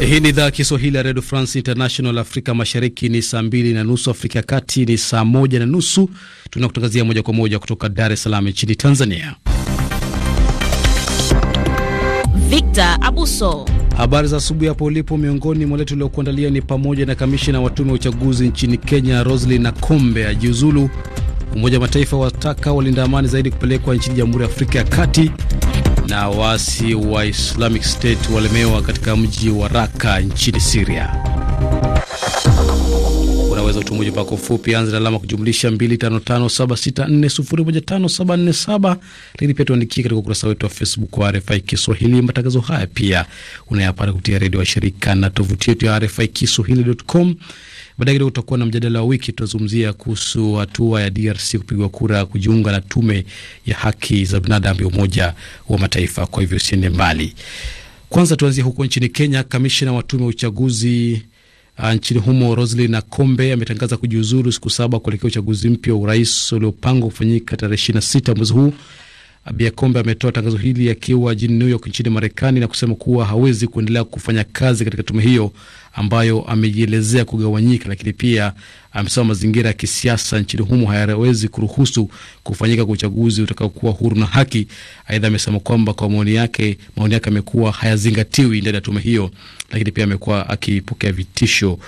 Hii ni idhaa ya Kiswahili ya redio France International. Afrika mashariki ni saa mbili na nusu, Afrika ya kati ni saa moja na nusu. Tunakutangazia moja kwa moja kutoka Dar es Salaam nchini Tanzania. Victor Abuso, habari za asubuhi hapo ulipo. Miongoni mwa letu uliokuandalia ni pamoja na kamishina wa tume ya uchaguzi nchini Kenya Roslyn Nakombe ajiuzulu. Umoja wa Mataifa wataka walinda amani zaidi kupelekwa nchini Jamhuri ya Afrika ya Kati, na waasi wa Islamic State walemewa katika mji wa Raka nchini Siria. Unaweza utumuji ujumbe wako mfupi, anza na alama kujumlisha 255764015747. Lakini pia tuandikie katika ukurasa wetu wa Facebook wa RFI Kiswahili. Matangazo haya pia unayapata kupitia redio wa shirika na tovuti yetu ya RFI Kiswahili.com. Baadaye kidogo tutakuwa na mjadala wa wiki, tutazungumzia kuhusu hatua ya DRC kupigwa kura kujiunga na tume ya haki za binadamu ya Umoja wa Mataifa. Kwa hivyo usiende mbali. Kwanza tuanzie huko nchini Kenya. Kamishina wa tume ya uchaguzi uh, nchini humo Roslyn Nakombe ametangaza kujiuzuru siku saba kuelekea uchaguzi mpya wa urais uliopangwa kufanyika tarehe ishirini na sita mwezi huu. Abia Kombe ametoa tangazo hili akiwa jijini New York nchini Marekani na kusema kuwa hawezi kuendelea kufanya kazi katika tume hiyo ambayo amejielezea kugawanyika, lakini pia uh, amesema mazingira ya kisiasa nchini humo hayawezi kuruhusu kufanyika kwa uchaguzi utakaokuwa huru na haki. Aidha, amesema kwamba kwa maoni yake, maoni yake amekuwa hayazingatiwi ndani ya tume hiyo, lakini pia amekuwa akipokea vitisho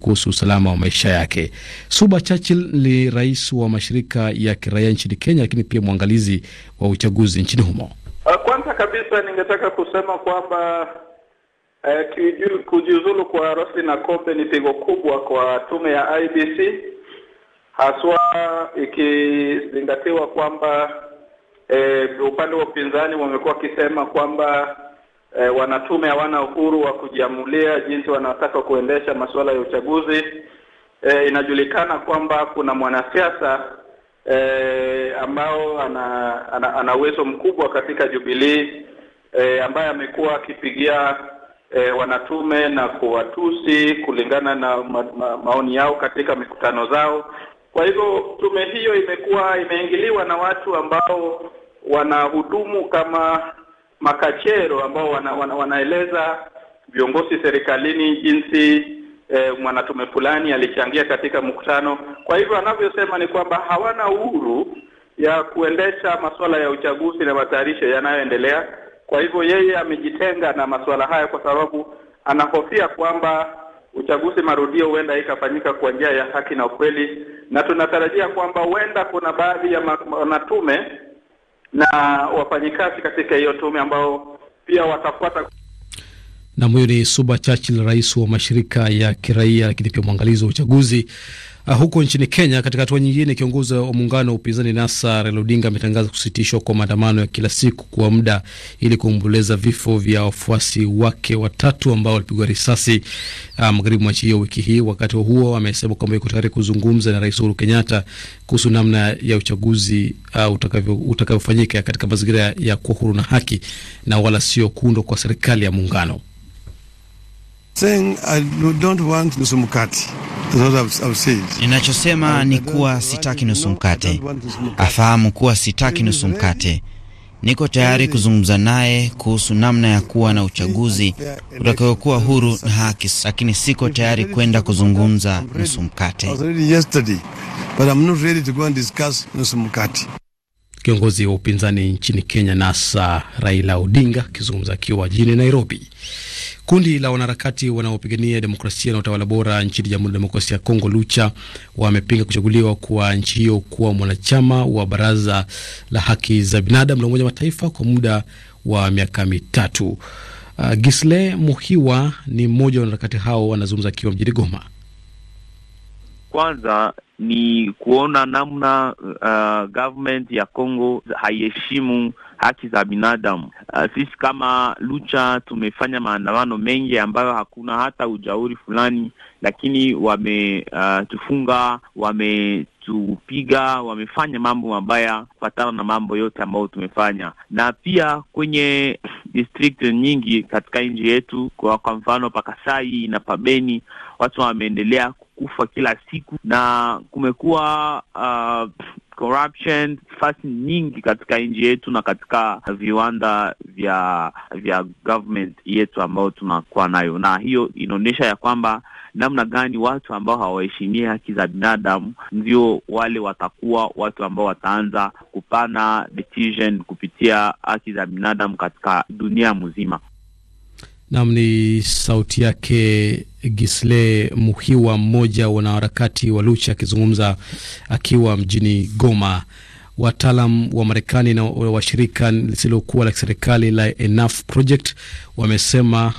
kuhusu usalama wa maisha yake. Suba Churchill ni rais wa mashirika ya kiraia nchini Kenya, lakini pia mwangalizi wa uchaguzi nchini humo. Uh, kwanza kabisa ningetaka kusema kwamba Uh, kujiuzulu kwa na Kobe ni pigo kubwa kwa tume ya IBC haswa ikizingatiwa kwamba uh, upande wa upinzani wamekuwa wakisema kwamba uh, wanatume hawana uhuru wa kujiamulia jinsi wanataka kuendesha masuala ya uchaguzi. Uh, inajulikana kwamba kuna mwanasiasa uh, ambao ana ana uwezo mkubwa katika Jubilee uh, ambaye amekuwa akipigia e, wanatume na kuwatusi kulingana na ma, ma, maoni yao katika mikutano zao. Kwa hivyo tume hiyo imekuwa imeingiliwa na watu ambao wanahudumu kama makachero ambao wana, wana, wanaeleza viongozi serikalini jinsi E, mwanatume fulani alichangia katika mkutano. Kwa hivyo anavyosema ni kwamba hawana uhuru ya kuendesha masuala ya uchaguzi na matayarisho yanayoendelea kwa hivyo yeye amejitenga na masuala haya kwa sababu anahofia kwamba uchaguzi marudio huenda ikafanyika kwa njia ya haki na ukweli, na tunatarajia kwamba huenda kuna baadhi ya wanatume na wafanyikazi katika hiyo tume ambao pia watafuata. Nam, huyo ni Suba Churchill, rais wa mashirika ya kiraia, lakini pia mwangalizi wa uchaguzi. Uh, huko nchini Kenya, katika hatua nyingine, kiongozi wa muungano wa upinzani NASA Raila Odinga ametangaza kusitishwa kwa maandamano ya kila siku kwa muda ili kuomboleza vifo vya wafuasi wake watatu ambao walipigwa risasi uh, magharibi mwa nchi hiyo wiki hii. Wakati huo amesema kwamba yuko tayari kuzungumza na Rais Uhuru Kenyatta kuhusu namna ya uchaguzi uh, utakavyofanyika katika mazingira ya kuwa huru na haki na wala sio kuundwa kwa serikali ya muungano. Saying I don't want nusu Ninachosema ni kuwa sitaki nusu mkate. Afahamu kuwa sitaki nusu mkate. Niko tayari kuzungumza naye kuhusu namna ya kuwa na uchaguzi utakayokuwa huru na haki, lakini siko tayari kwenda kuzungumza nusu mkate. Kiongozi wa upinzani nchini Kenya NASA Raila Odinga akizungumza akiwa jijini Nairobi. Kundi la wanaharakati wanaopigania demokrasia na utawala bora nchini Jamhuri ya Demokrasia ya Kongo, Lucha, wamepinga kuchaguliwa kwa nchi hiyo kuwa mwanachama wa Baraza la Haki za Binadamu la Umoja wa Mataifa kwa muda wa miaka mitatu. Uh, Gisle Muhiwa ni mmoja wa wanaharakati hao, anazungumza akiwa mjini Goma. Kwanza ni kuona namna uh, government ya Kongo haiheshimu haki za binadamu. Uh, sisi kama Lucha tumefanya maandamano mengi ambayo hakuna hata ujauri fulani, lakini wametufunga, uh, wame ah, tupiga wamefanya mambo mabaya kufatana na mambo yote ambayo tumefanya, na pia kwenye district nyingi katika nchi yetu, kwa, kwa mfano Pakasai na Pabeni, watu wameendelea kukufa kila siku na kumekuwa uh, corruption, fasi nyingi katika nchi yetu na katika viwanda vya vya government yetu ambayo tunakuwa nayo, na hiyo inaonyesha ya kwamba namna gani watu ambao hawaheshimia haki za binadamu ndio wale watakuwa watu ambao wataanza kupana decision kupitia haki za binadamu katika dunia mzima. Nam, ni sauti yake Gisle Muhiwa, mmoja wanaharakati wa Lucha akizungumza akiwa mjini Goma. Wataalam wa Marekani na washirika lisilokuwa la kiserikali la Enough Project wamesema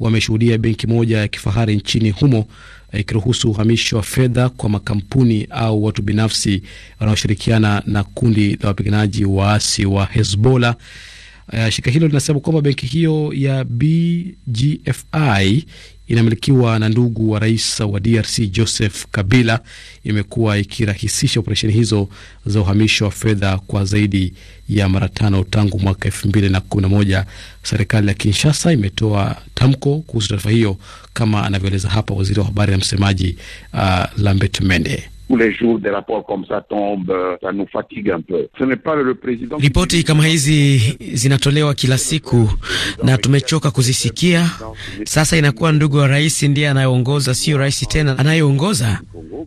wameshuhudia benki moja ya kifahari nchini humo eh, ikiruhusu uhamisho wa fedha kwa makampuni au watu binafsi wanaoshirikiana na kundi la wapiganaji waasi wa Hezbollah. Uh, shirika hilo linasema kwamba benki hiyo ya BGFI inamilikiwa na ndugu wa rais wa DRC Joseph Kabila imekuwa ikirahisisha operesheni hizo za uhamisho wa fedha kwa zaidi ya mara tano tangu mwaka elfu mbili na kumi na moja. Serikali ya Kinshasa imetoa tamko kuhusu taarifa hiyo, kama anavyoeleza hapa waziri wa habari na msemaji uh, Lambert Mende tous les jours des rapports comme ça tombent, euh, ça nous fatigue un peu. Ce n'est pas le président. Ripoti kama hizi zinatolewa kila siku na tumechoka kuzisikia. Sasa inakuwa ndugu wa rais ndiye anayeongoza, sio rais tena anayeongoza.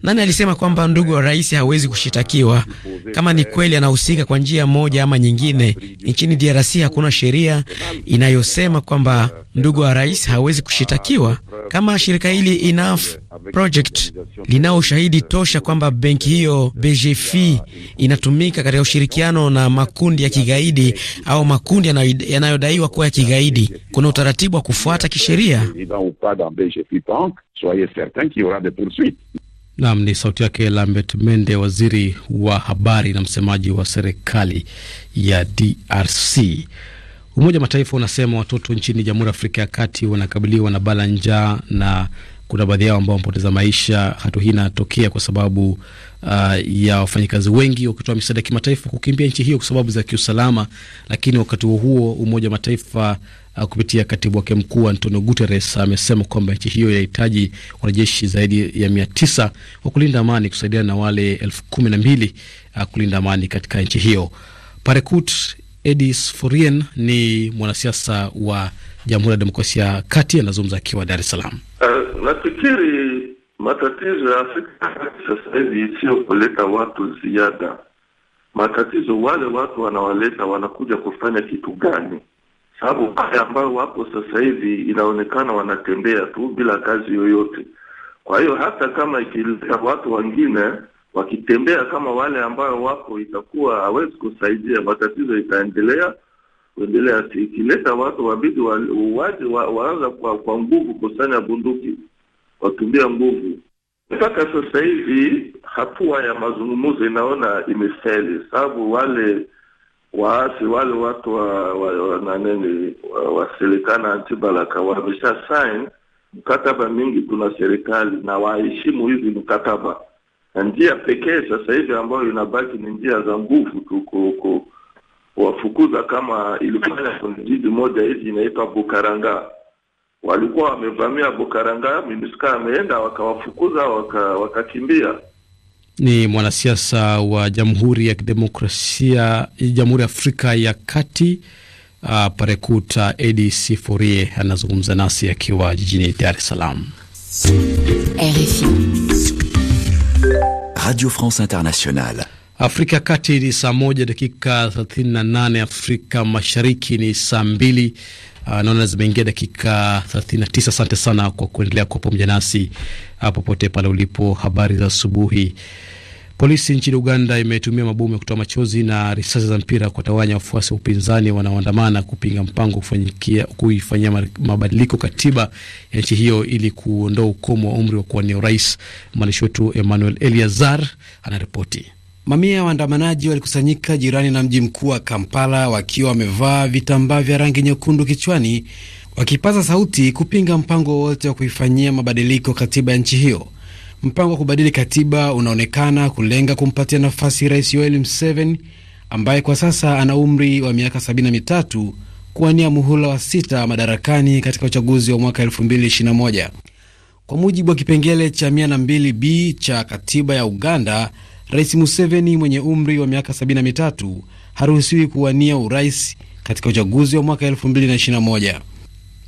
Nani alisema kwamba ndugu wa rais hawezi kushitakiwa? Kama ni kweli anahusika kwa njia moja ama nyingine, nchini DRC hakuna sheria inayosema kwamba ndugu wa rais hawezi kushitakiwa. Kama shirika hili inafu Project linao ushahidi tosha kwamba benki hiyo BGF inatumika katika ushirikiano na makundi ya kigaidi au makundi yanayodaiwa kuwa ya kigaidi. Kuna utaratibu wa kufuata kisheria. Nam ni sauti yake Lambert Mende, waziri wa habari na msemaji wa serikali ya DRC. Umoja wa Mataifa unasema watoto nchini Jamhuri ya Afrika ya Kati wanakabiliwa na bala njaa na kuna baadhi yao ambao wamepoteza maisha. Hatua hii inatokea kwa sababu uh, ya wafanyakazi wengi wakitoa misaada ya kimataifa kukimbia nchi hiyo kwa sababu za kiusalama, lakini wakati huo huo Umoja wa Mataifa uh, kupitia katibu wake mkuu Antonio Guterres amesema uh, kwamba nchi hiyo inahitaji wanajeshi zaidi ya mia tisa wa kulinda amani kusaidiana na wale elfu kumi na mbili uh, kulinda amani katika nchi hiyo. Parekut Edis Forien ni mwanasiasa wa Jamhuri ya Demokrasia ya Kati, anazungumza akiwa Dar es Salaam. Uh, nafikiri matatizo ya Afrika sasa hivi sio kuleta watu ziada, matatizo wale watu wanawaleta wanakuja kufanya kitu gani? Sababu wale ambao wapo sasa hivi inaonekana wanatembea tu bila kazi yoyote. Kwa hiyo hata kama ikileta watu wengine wakitembea kama wale ambao wapo, itakuwa hawezi kusaidia, matatizo itaendelea kuendelea. Ikileta watu wabidi waje waanza kwa, kwa nguvu kusanya bunduki watumia nguvu. Mpaka sasa hivi hatua ya mazungumzo inaona imefeli, sababu wale waasi wale watu wa, wa, naneni waserikana wa Antibalaka wamesha sign mkataba mingi kuna serikali na waheshimu hizi mkataba, na njia pekee sasa hivi ambayo inabaki ni njia za nguvu tu wafukuza kama ilifanya jiji moja hivi inaitwa Bukaranga, walikuwa wamevamia Bukaranga, MINUSCA ameenda wakawafukuza wakakimbia. Waka ni mwanasiasa wa Jamhuri ya Kidemokrasia, Jamhuri ya Afrika ya Kati. Uh, parekuta Edi Siforie anazungumza nasi akiwa jijini Dar es Salaam. RFI Radio France Internationale. Afrika Kati ni saa moja dakika 38, Afrika Mashariki ni saa mbili. Uh, naona zimeingia dakika 39. Asante sana kwa kuendelea kuwa pamoja nasi ah, popote pale ulipo. Habari za asubuhi. Polisi nchini Uganda imetumia mabomu ya kutoa machozi na risasi za mpira kuwatawanya wafuasi wa upinzani wanaoandamana kupinga mpango kuifanyia mabadiliko katiba ya nchi hiyo ili kuondoa ukomo wa umri wa kuwania urais. Mwandishi wetu Emmanuel Eliazar anaripoti. Mamia ya waandamanaji walikusanyika jirani na mji mkuu wa Kampala wakiwa wamevaa vitambaa vya rangi nyekundu kichwani, wakipaza sauti kupinga mpango wowote wa kuifanyia mabadiliko katiba ya nchi hiyo. Mpango wa kubadili katiba unaonekana kulenga kumpatia nafasi Rais Yoweri Museveni ambaye kwa sasa ana umri wa miaka 73 kuwania muhula wa sita madarakani katika uchaguzi wa mwaka 2021. Kwa mujibu wa kipengele cha 102b cha katiba ya Uganda, Rais Museveni mwenye umri wa miaka 73 haruhusiwi kuwania urais katika uchaguzi wa mwaka 2021.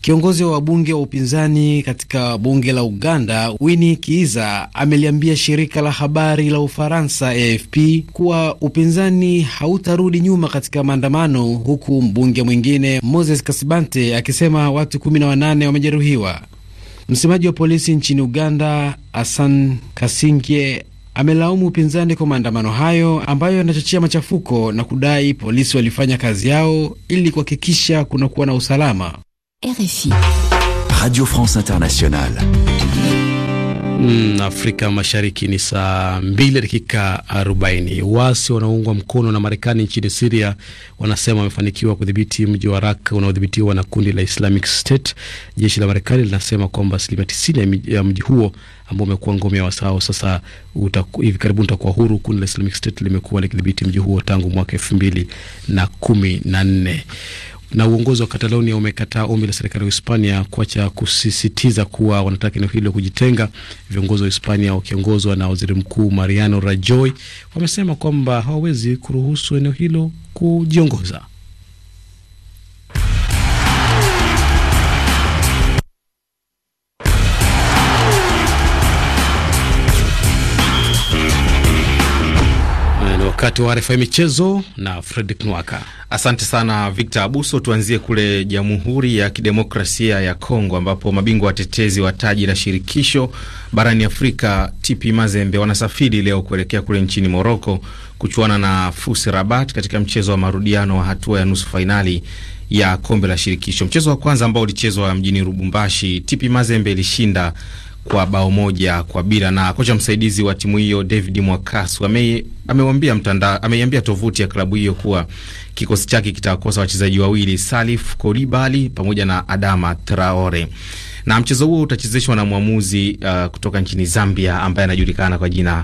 Kiongozi wa wabunge wa upinzani katika bunge la Uganda, Winnie Kiiza, ameliambia shirika la habari la Ufaransa AFP kuwa upinzani hautarudi nyuma katika maandamano, huku mbunge mwingine Moses Kasibante akisema watu 18 wamejeruhiwa. Msemaji wa polisi nchini Uganda, Hassan Kasingye, amelaumu upinzani kwa maandamano hayo ambayo yanachochea machafuko na kudai polisi walifanya kazi yao ili kuhakikisha kunakuwa na usalama. RFI Radio France Internationale. Mm, Afrika Mashariki ni saa mbili dakika 40. Waasi wanaoungwa mkono na Marekani nchini Syria wanasema wamefanikiwa kudhibiti mji wa Raka unaodhibitiwa na kundi la Islamic State. Jeshi la Marekani linasema kwamba asilimia tisini ya mji huo ambao umekuwa ngome ya waasi hao sasa hivi karibuni utakuwa huru. Kundi la Islamic State limekuwa likidhibiti mji huo tangu mwaka elfu mbili na kumi na nne. Na uongozi wa Katalonia umekataa ombi la serikali ya Hispania kuacha kusisitiza kuwa wanataka eneo hilo kujitenga. Viongozi wa Hispania wakiongozwa na waziri mkuu Mariano Rajoy wamesema kwamba hawawezi kuruhusu eneo hilo kujiongoza. wakati wa RFI michezo na Fredrick Nwaka. Asante sana Victor Abuso. Tuanzie kule Jamhuri ya Kidemokrasia ya Kongo ambapo mabingwa watetezi wa taji la shirikisho barani Afrika TP Mazembe wanasafiri leo kuelekea kule nchini Moroko kuchuana na Fusi Rabat katika mchezo wa marudiano wa hatua ya nusu fainali ya kombe la shirikisho. Mchezo wa kwanza ambao ulichezwa mjini Lubumbashi, TP Mazembe ilishinda kwa bao moja kwa bila. Na kocha msaidizi wa timu hiyo David Mwakasu ame mtandao ameiambia tovuti ya klabu hiyo kuwa kikosi chake kitakosa wachezaji wawili Salif Kolibali pamoja na Adama Traore, na mchezo huo utachezeshwa na mwamuzi uh, kutoka nchini Zambia ambaye anajulikana kwa jina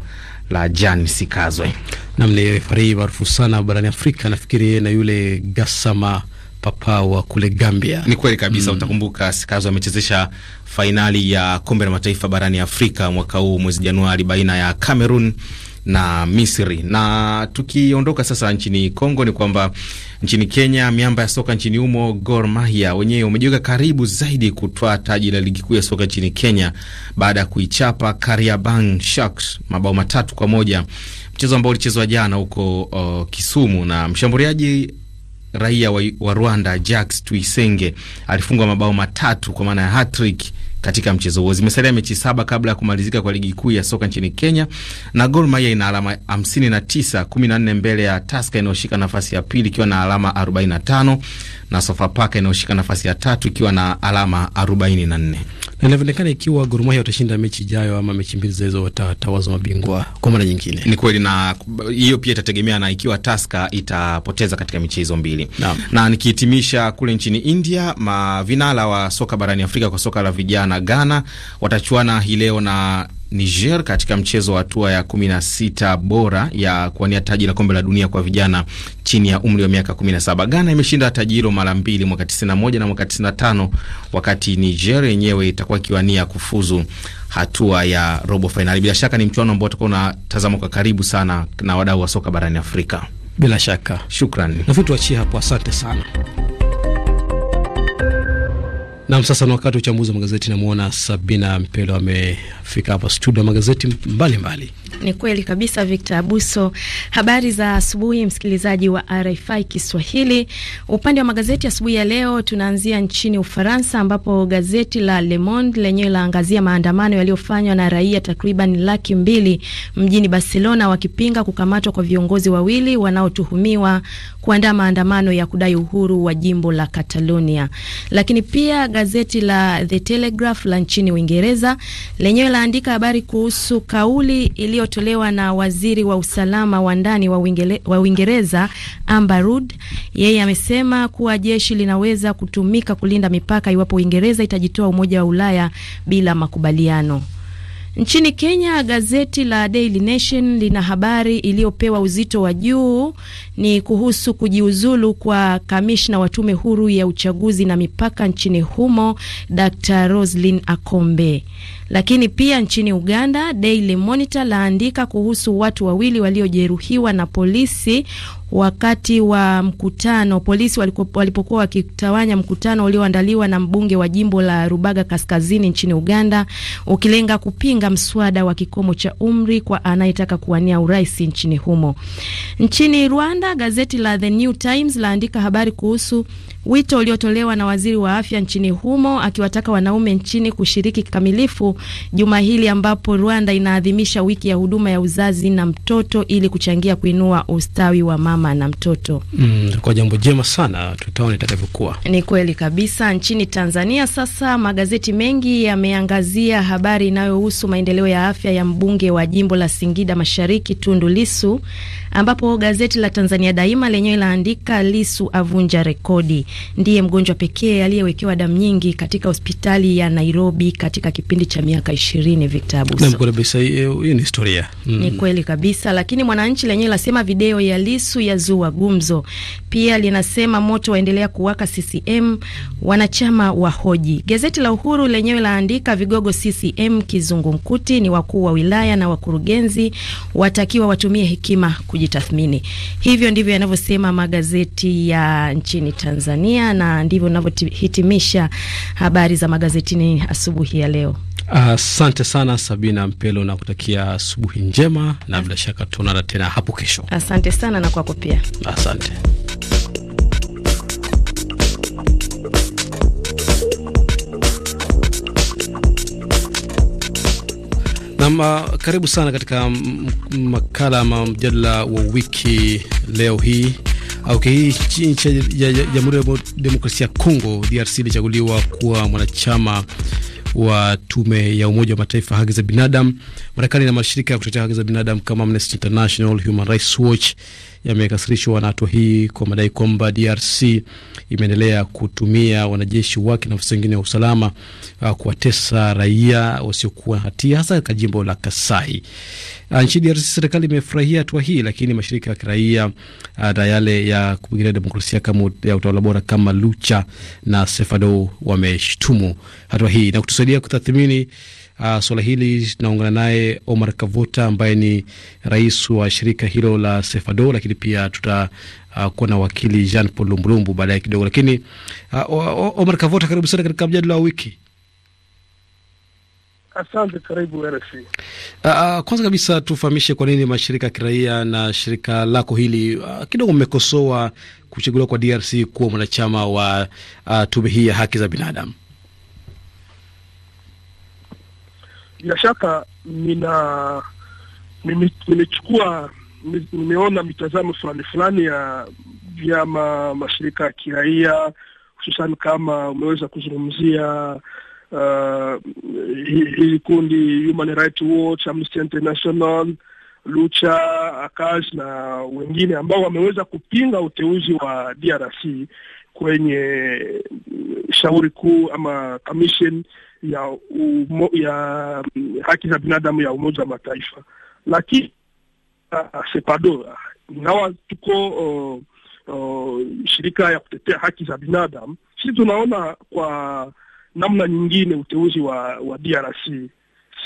la Jan Sikazwe. Namni farii maarufu sana barani Afrika, nafikiri na yule Gasama Papawa kule Gambia. Ni kweli kabisa mm. Utakumbuka Sikazo amechezesha fainali ya kombe la mataifa barani Afrika mwaka huu mwezi Januari baina ya Cameroon na Misri. Na tukiondoka sasa nchini Kongo, ni kwamba nchini Kenya, miamba ya soka nchini humo Gor Mahia wenyewe wamejiweka karibu zaidi kutoa taji la ligi kuu ya soka nchini Kenya baada ya kuichapa Kariobangi Sharks mabao matatu kwa moja, mchezo ambao ulichezwa jana huko uh, Kisumu na mshambuliaji raia wa, wa Rwanda Jacques tuisenge alifungwa mabao matatu kwa maana ya hat katika mchezo huo. Zimesalia mechi saba kabla ya kumalizika kwa ligi kuu ya soka nchini Kenya, na Gor Mahia ina alama 59, 14 mbele ya Tusker inayoshika nafasi ya pili ikiwa na alama 45 na Sofapaka inayoshika nafasi ya tatu ikiwa na alama 44 na inavyoonekana ikiwa Gor Mahia watashinda mechi ijayo ama mechi mbili zilizo, watatawazwa mabingwa kwa mara nyingine. Ni kweli, na hiyo pia itategemea na ikiwa Taska itapoteza katika mechi hizo mbili na, na nikihitimisha kule nchini India, mavinala wa soka barani Afrika kwa soka la vijana Ghana watachuana hii leo na Niger katika mchezo wa hatua ya 16 bora ya kuwania taji la kombe la dunia kwa vijana chini ya umri wa miaka 17. Ghana imeshinda taji hilo mara mbili mwaka 91 na mwaka 95, wakati Niger yenyewe itakuwa ikiwania kufuzu hatua ya robo fainali. Bila shaka ni mchuano ambao utakuwa unatazama kwa karibu sana na wadau wa soka barani Afrika. Bila shaka, shukran. Nafikiri tuachie hapo, asante sana. Nam, sasa ni wakati wa uchambuzi wa magazeti. Namwona Sabina Mpelo amefika hapa studio ya magazeti mbalimbali mbali. Ni kweli kabisa, Victor Abuso. Habari za asubuhi, msikilizaji wa RFI Kiswahili. Upande wa magazeti asubuhi ya, ya leo tunaanzia nchini Ufaransa ambapo gazeti la Le Monde lenyewe laangazia maandamano yaliyofanywa na raia takriban laki mbili mjini Barcelona wakipinga kukamatwa kwa viongozi wawili wanaotuhumiwa kuandaa maandamano ya kudai uhuru wa jimbo la Catalonia, lakini pia gazeti la The Telegraph la nchini Uingereza lenyewe laandika habari kuhusu kauli iliyotolewa na waziri wa usalama wa ndani wa Uingereza Amber Rudd. Yeye amesema kuwa jeshi linaweza kutumika kulinda mipaka iwapo Uingereza itajitoa Umoja wa Ulaya bila makubaliano. Nchini Kenya, gazeti la Daily Nation lina habari iliyopewa uzito wa juu ni kuhusu kujiuzulu kwa kamishna wa tume huru ya uchaguzi na mipaka nchini humo Dr. Roslin Akombe. Lakini pia nchini Uganda, Daily Monitor laandika kuhusu watu wawili waliojeruhiwa na polisi wakati wa mkutano, polisi walipokuwa wakitawanya mkutano ulioandaliwa na mbunge wa jimbo la Rubaga Kaskazini nchini Uganda, ukilenga kupinga mswada wa kikomo cha umri kwa anayetaka kuwania urais nchini humo. Nchini Rwanda, gazeti la The New Times laandika habari kuhusu wito uliotolewa na waziri wa afya nchini humo akiwataka wanaume nchini kushiriki kikamilifu juma hili ambapo Rwanda inaadhimisha wiki ya huduma ya uzazi na mtoto ili kuchangia kuinua ustawi wa mama na mtoto. Mm, kwa jambo jema sana, tutaona itakavyokuwa. Ni kweli kabisa. Nchini Tanzania sasa, magazeti mengi yameangazia habari inayohusu maendeleo ya afya ya mbunge wa jimbo la Singida Mashariki Tundu Lisu, ambapo gazeti la Tanzania Daima lenyewe laandika Lisu avunja rekodi ndiye mgonjwa pekee aliyewekewa damu nyingi katika hospitali ya Nairobi katika kipindi cha miaka ishirini. Victor Abuso, kabisa hiyo ni historia mm. Ni kweli kabisa, lakini Mwananchi lenyewe lasema video ya Lisu ya zua gumzo. Pia linasema moto waendelea kuwaka CCM, wanachama wa hoji. Gazeti la Uhuru lenyewe laandika vigogo CCM kizungumkuti, ni wakuu wa wilaya na wakurugenzi watakiwa watumie hekima kujitathmini. Hivyo ndivyo yanavyosema magazeti ya nchini Tanzania. Tanzania, na ndivyo navyohitimisha habari za magazetini asubuhi ya leo. Asante uh, sana Sabina Mpelo, na kutakia asubuhi njema, na bila shaka tutaonana tena hapo kesho. Asante sana na kwako pia, asante. Nam, ah, karibu sana katika makala ama mjadala wa wiki leo hii Okay, nchi cha Jamhuri ya Demokrasia ya Kongo DRC ilichaguliwa kuwa mwanachama wa tume ya Umoja wa Mataifa haki za binadamu. Marekani na mashirika ya kutetea haki za binadamu kama Amnesty International, Human Rights Watch yamekasirishwa na hatua hii kwa madai kwamba DRC imeendelea kutumia wanajeshi wake na afisa wengine wa usalama uh, kuwatesa raia wasiokuwa hatia hasa katika jimbo la Kasai. Uh, nchini DRC serikali imefurahia hatua hii, lakini mashirika ya kiraia uh, na yale ya kupigania demokrasia kama ya utawala bora kama Lucha na Sefado wameshtumu hatua hii na kutusaidia kutathmini Uh, suala hili tunaungana naye Omar Kavuta ambaye ni rais wa shirika hilo la Sefado, lakini pia tutakuwa ah, uh, na wakili Jean Paul Lumbulumbu baadaye kidogo. Lakini uh, Omar Kavuta, karibu sana katika mjadala wa wiki. Asante, karibu RFI. Uh, kwanza kabisa tufahamishe kwa nini mashirika ya kiraia na shirika lako hili uh, kidogo mmekosoa kuchaguliwa kwa DRC kuwa mwanachama wa uh, tume hii ya haki za binadamu. bila shaka nina nimechukua nimeona mitazamo fulani fulani ya vyama, mashirika ya kiraia hususan kama umeweza kuzungumzia uh, hili kundi Human Rights Watch, Amnesty International, Lucha, akas na wengine ambao wameweza kupinga uteuzi wa DRC kwenye shauri kuu ama commission ya, umo, ya mm, haki za binadamu ya Umoja wa Mataifa, lakini uh, sepado ingawa tuko uh, uh, shirika ya kutetea haki za binadamu, sisi tunaona kwa namna nyingine uteuzi wa, wa DRC.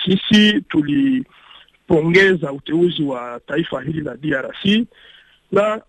Sisi tulipongeza uteuzi wa taifa hili la DRC na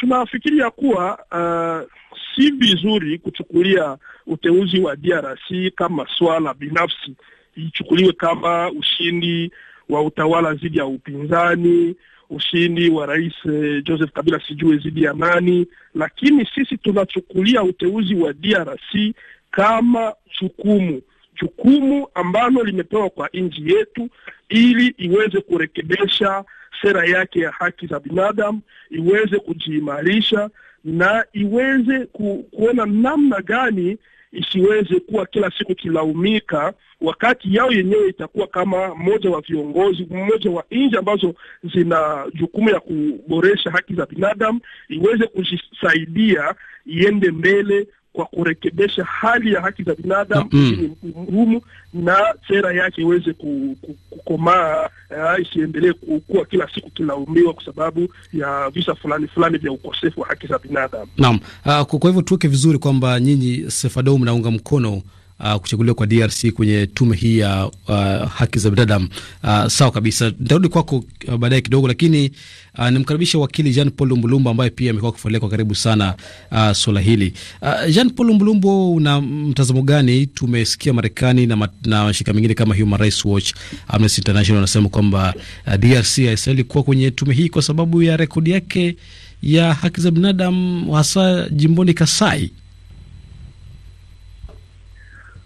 tunafikiria kuwa uh, si vizuri kuchukulia uteuzi wa DRC kama swala binafsi, ichukuliwe kama ushindi wa utawala dhidi ya upinzani, ushindi wa Rais eh, Joseph Kabila sijue dhidi ya nani, lakini sisi tunachukulia uteuzi wa DRC kama jukumu jukumu ambalo limepewa kwa nchi yetu ili iweze kurekebisha sera yake ya haki za binadamu iweze kujiimarisha na iweze ku, kuona namna gani isiweze kuwa kila siku kilaumika, wakati yao yenyewe itakuwa kama mmoja wa viongozi, mmoja wa nji ambazo zina jukumu ya kuboresha haki za binadamu, iweze kujisaidia iende mbele kwa kurekebisha hali ya haki za binadamu nchini mm. humu na sera yake iweze kukomaa eh, ku, isiendelee kuwa kila siku kilaumiwa kwa sababu ya visa fulani fulani vya ukosefu wa haki za binadamu. Naam, uh, kwa hivyo tuweke vizuri kwamba nyinyi Sefadou mnaunga mkono uh, kuchaguliwa kwa DRC kwenye tume hii ya uh, haki za binadamu uh, sawa kabisa. Nitarudi kwako uh, baadaye kidogo, lakini uh, nimkaribisha wakili Jean Paul Lumbulumbu ambaye pia amekuwa akifuatilia kwa karibu sana uh, swala hili uh, Jean Paul Lumbulumbu, una mtazamo gani? Tumesikia Marekani na, na mashirika mengine kama Human Rights Watch, Amnesty International wanasema kwamba uh, DRC haistahili kuwa kwenye tume hii kwa sababu ya rekodi yake ya haki za binadamu hasa jimboni Kasai.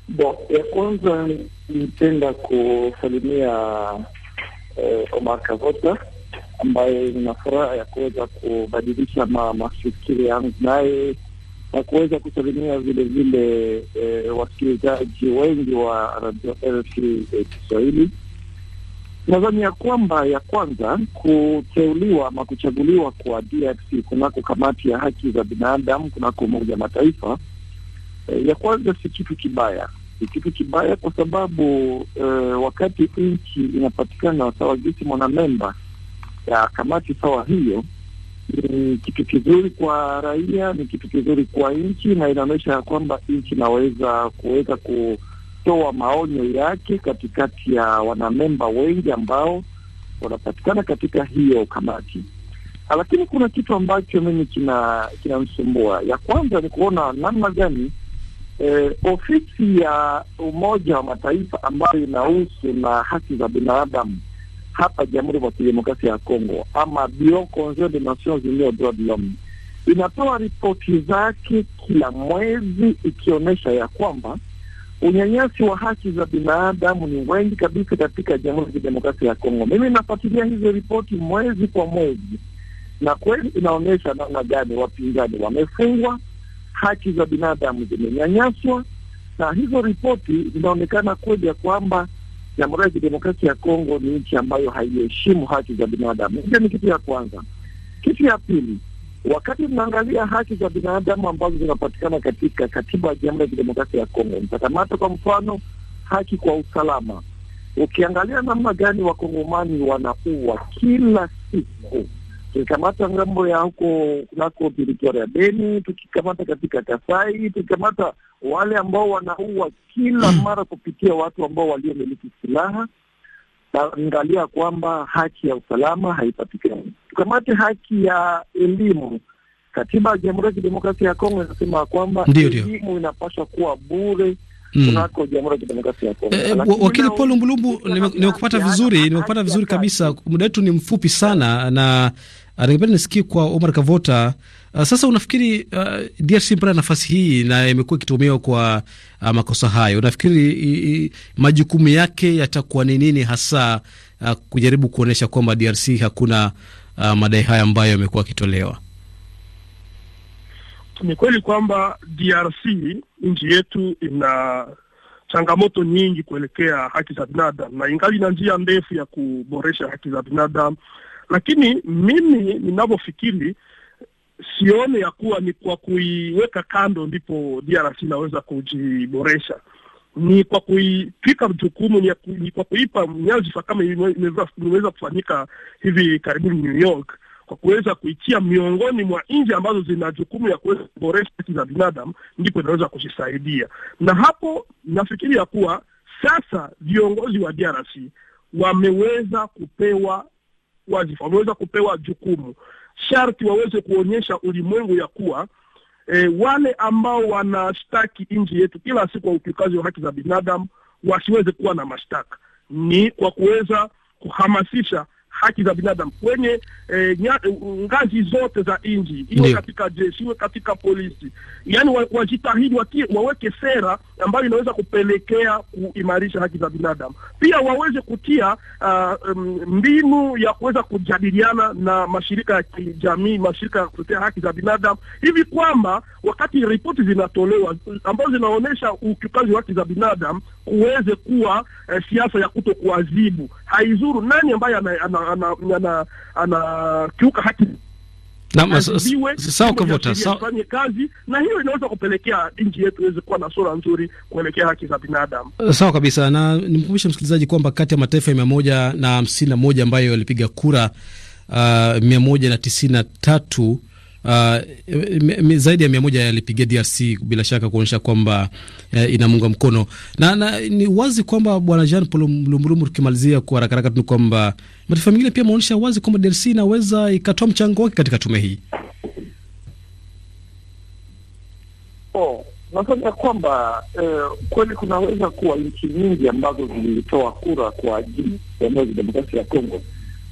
Bo, ya kwanza nitenda kusalimia eh, Omar Kavota ambaye nina furaha ya kuweza kubadilisha mafikiri yangu naye na kuweza kusalimia vile vile eh, wasikilizaji wengi wa Radio RFI Kiswahili. Nadhani ya kwamba ya kwanza kuteuliwa ama kuchaguliwa kwa DRC kunako kamati ya haki za binadamu kunako Umoja Mataifa E, ya kwanza si kitu kibaya, si kitu kibaya kwa sababu e, wakati nchi inapatikana sawa jinsi mwanamemba ya kamati sawa hiyo ni kitu kizuri kwa raia, ni kitu kizuri kwa nchi, na inaonyesha ya kwamba nchi inaweza kuweza kutoa maonyo yake katikati ya wanamemba wengi ambao wanapatikana katika hiyo kamati. Ah, lakini kuna kitu ambacho mimi kinanisumbua, kina ya kwanza ni kuona namna gani E, ofisi ya Umoja wa Mataifa ambayo inahusu na haki za binadamu hapa Jamhuri ya Kidemokrasia ya Kongo ama Bureau Conseil des Nations Unies aux Droits de l'Homme inatoa ripoti zake kila mwezi ikionyesha ya kwamba unyanyasi wa haki za binadamu ni wengi kabisa katika Jamhuri ya Kidemokrasia ya Kongo. Mimi nafuatilia hizo ripoti mwezi kwa mwezi, na kweli inaonyesha namna gani wapinzani wamefungwa haki za binadamu zimenyanyaswa, na hizo ripoti zinaonekana kweli ya kwamba Jamhuri ya Kidemokrasia ya Kongo ni nchi ambayo haiheshimu haki za binadamu. Hiyo ni kitu ya kwanza. Kitu ya pili, wakati tunaangalia haki za binadamu ambazo zinapatikana katika katiba ya Jamhuri ya Kidemokrasia ya Kongo, nitakamata kwa mfano haki kwa usalama. Ukiangalia namna gani wakongomani wanaua kila siku tukikamata ngambo ya huko kunako teritoria ya Beni, tukikamata katika Kasai, tukikamata wale ambao wanaua kila mm. mara kupitia watu ambao waliomiliki silaha. Naangalia kwamba haki ya usalama haipatikani. Tukamate haki ya elimu. Katiba ya Jamhuri ya Kidemokrasia ya Kongo inasema kwamba elimu inapaswa kuwa bure. Mm. Eh, eh wakili Paul Mbulumbu, nimekupata vizuri, nimekupata vizuri kabisa. Muda wetu ni mfupi sana na ningependa nisikie kwa Omar Kavota. Uh, sasa unafikiri uh, DRC mpata nafasi hii na imekuwa ikitumiwa kwa uh, makosa hayo, unafikiri i, i, majukumu yake yatakuwa ni nini hasa, uh, kujaribu kuonyesha kwamba DRC hakuna uh, madai haya ambayo yamekuwa yakitolewa? Ni kweli kwamba DRC nchi yetu ina changamoto nyingi kuelekea haki za binadamu na ingali na njia ndefu ya kuboresha haki za binadamu lakini mimi ninavyofikiri sione ya kuwa ni kwa kuiweka kando ndipo DRC inaweza kujiboresha, ni kwa kuitwika jukumu, ni kwa kuipa nyadhifa kama imeweza kufanyika hivi karibuni New York, kwa kuweza kuitia miongoni mwa nchi ambazo zina jukumu ya kuweza kuboresha haki za binadamu, ndipo inaweza kujisaidia. Na hapo nafikiri ya kuwa sasa viongozi wa DRC wameweza kupewa wameweza kupewa jukumu, sharti waweze kuonyesha ulimwengu ya kuwa e, wale ambao wanashtaki nchi yetu kila siku wa ukiukaji wa haki za binadamu wasiweze kuwa na mashtaka. Ni kwa kuweza kuhamasisha haki za binadamu kwenye e, nya, ngazi zote za nchi, iwe katika jeshi iwe katika polisi, yani wajitahidi wa waweke sera ambayo inaweza kupelekea kuimarisha haki za binadamu. Pia waweze kutia uh, mbinu ya kuweza kujadiliana na mashirika ya kijamii, mashirika ya kutetea haki za binadamu, hivi kwamba wakati ripoti zinatolewa ambazo zinaonyesha ukiukaji wa haki za binadamu uweze kuwa eh, siasa ya kuto kuazibu Haizuru nani ambaye anakiuka haki fanye kazi na hiyo inaweza kupelekea nchi yetu iweze kuwa na sura nzuri kuelekea haki za binadamu. Eh, sawa kabisa, na nimkumbushe msikilizaji kwamba kati ya mataifa mia moja na hamsini na moja ambayo yalipiga kura uh, mia moja na tisini na tatu uh, zaidi ya mia moja yalipigia DRC bila shaka kuonyesha kwamba uh, inamunga mkono na, na ni wazi kwamba bwana Jean Paul Lumulumu, tukimalizia kwa haraka haraka tu kwamba mataifa mengine pia maonyesha wazi kwamba DRC inaweza ikatoa mchango wake katika tume hii. Oh, kwamba eh, kweli kunaweza kuwa nchi nyingi ambazo zilitoa kura kwa ajili ya demokrasia ya Kongo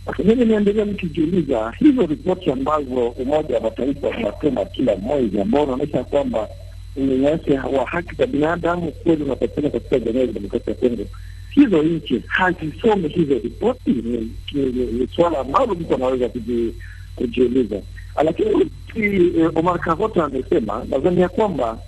lakini mimi niendelea nikijiuliza hizo ripoti ambazo Umoja wa Mataifa unasema kila mwezi, ambao unaonyesha kwamba unyanyasaji wa haki za binadamu kweli unapatikana katika Jamhuri ya Kidemokrasia ya Kongo, hizo nchi hazisomi hizo ripoti? Ni swala ambalo mtu anaweza kujiuliza. Lakini eh, Omar Kavota amesema, nadhani ya kwamba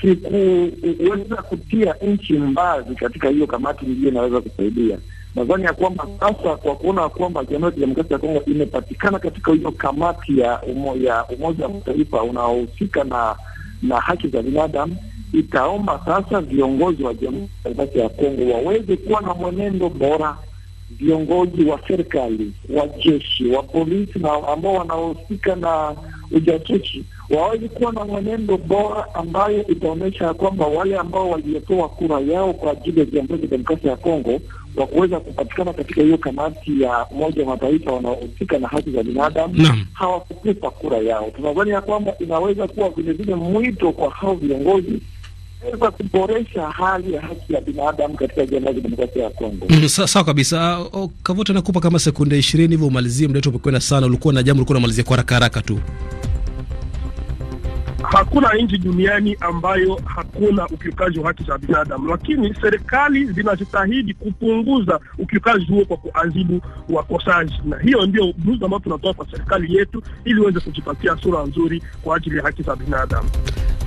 sikuweza kutia nchi mbali katika hiyo kamati, ndio inaweza kusaidia nadhani ya kwamba sasa kwa kuona kwamba Jamhuri ya Kidemokrasia ya Kongo imepatikana katika hiyo kamati ya umo, ya Umoja wa Mataifa unaohusika na na haki za binadamu, itaomba sasa viongozi wa Jamhuri ya Kidemokrasia ya Kongo waweze kuwa na mwenendo bora, viongozi wa serikali, wa jeshi, wa polisi na ambao wanaohusika na ujasusi waweze kuwa na mwenendo bora ambayo itaonyesha ya kwamba wale ambao waliotoa kura yao kwa ajili ya Jamhuri ya Kidemokrasia ya Kongo wa kuweza kupatikana katika hiyo kamati ya Umoja wa Mataifa wanaohusika na haki za binadamu hawakukupa kura yao. Tunadhani ya kwamba inaweza kuwa vilevile mwito kwa hao viongozi kuweza kuboresha hali ya haki ya binadamu katika Jamhuri ya Kidemokrasia ya Kongo. Mm, sawa sa, kabisa. Ah, Kavuta nakupa kama sekunde ishirini hivyo umalizie, mda wetu umekwenda sana. Ulikuwa na jambo ulikuwa unamalizia kwa haraka haraka tu. Hakuna nchi duniani ambayo hakuna ukiukaji wa haki za binadamu, lakini serikali zinajitahidi kupunguza ukiukaji huo kwa kuadhibu wakosaji, na hiyo ndio buzi ambayo tunatoa kwa serikali yetu ili iweze kujipatia sura nzuri kwa ajili ya haki za binadamu.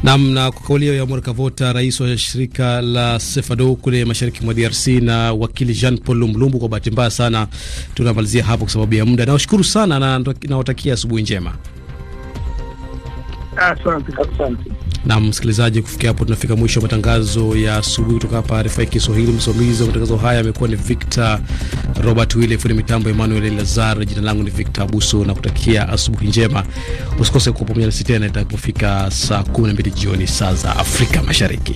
Nam na kwa kauli hiyo ya Omar Kavota, rais wa shirika la Sefado kule mashariki mwa DRC na wakili Jean Paul Lumlumbu. Kwa bahati mbaya sana tunamalizia hapo kwa sababu ya muda. Nawashukuru sana na nawatakia asubuhi njema. Na msikilizaji, kufikia hapo tunafika mwisho wa matangazo ya asubuhi kutoka hapa RFI Kiswahili. Msimamizi wa matangazo haya amekuwa ni Victor Robert Wille, fundi mitambo Emmanuel Lazar. Jina langu ni Victor Abuso na kutakia asubuhi njema. Usikose kuwa pamoja nasi tena itakapofika saa 12 jioni saa za Afrika Mashariki.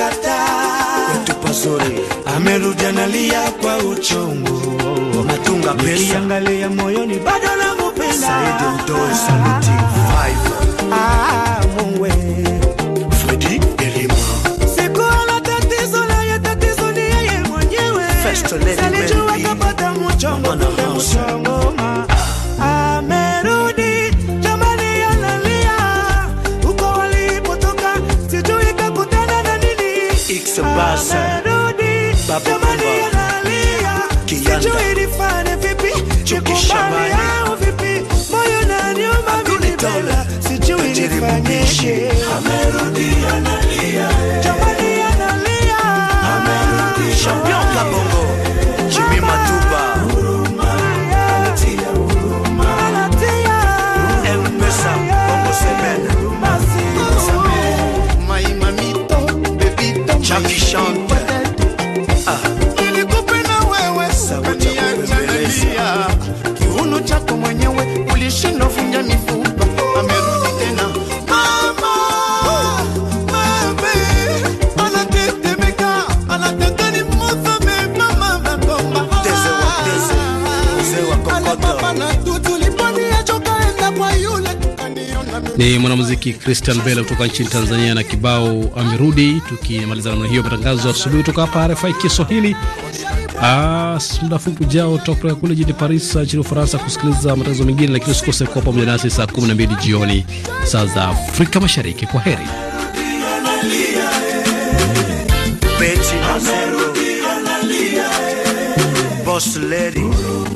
nimekataa. Kwetu pazuri amerudi analia kwa uchungu, natunga pesa nikiangalia moyoni bado namupenda. Ah, sikuwa na tatizo naye, tatizo ni yeye mwenyewe. Salijua kapata mchongo kumbe mchongo Babu Kiganda nifanye vipi, vipi, moyo na nyuma vinibeba, Ni mwanamuziki Christian Bella kutoka nchini Tanzania na kibao amerudi. Tukimaliza namna hiyo matangazo asubuhi kutoka hapa RFI Kiswahili. Ah, muda mfupi ujao tutakupeleka kule jijini Paris nchini Ufaransa kusikiliza matangazo mengine, lakini usikose kuwa pamoja nasi saa 12 jioni saa za Afrika Mashariki. Kwa heri. Betty Boss Lady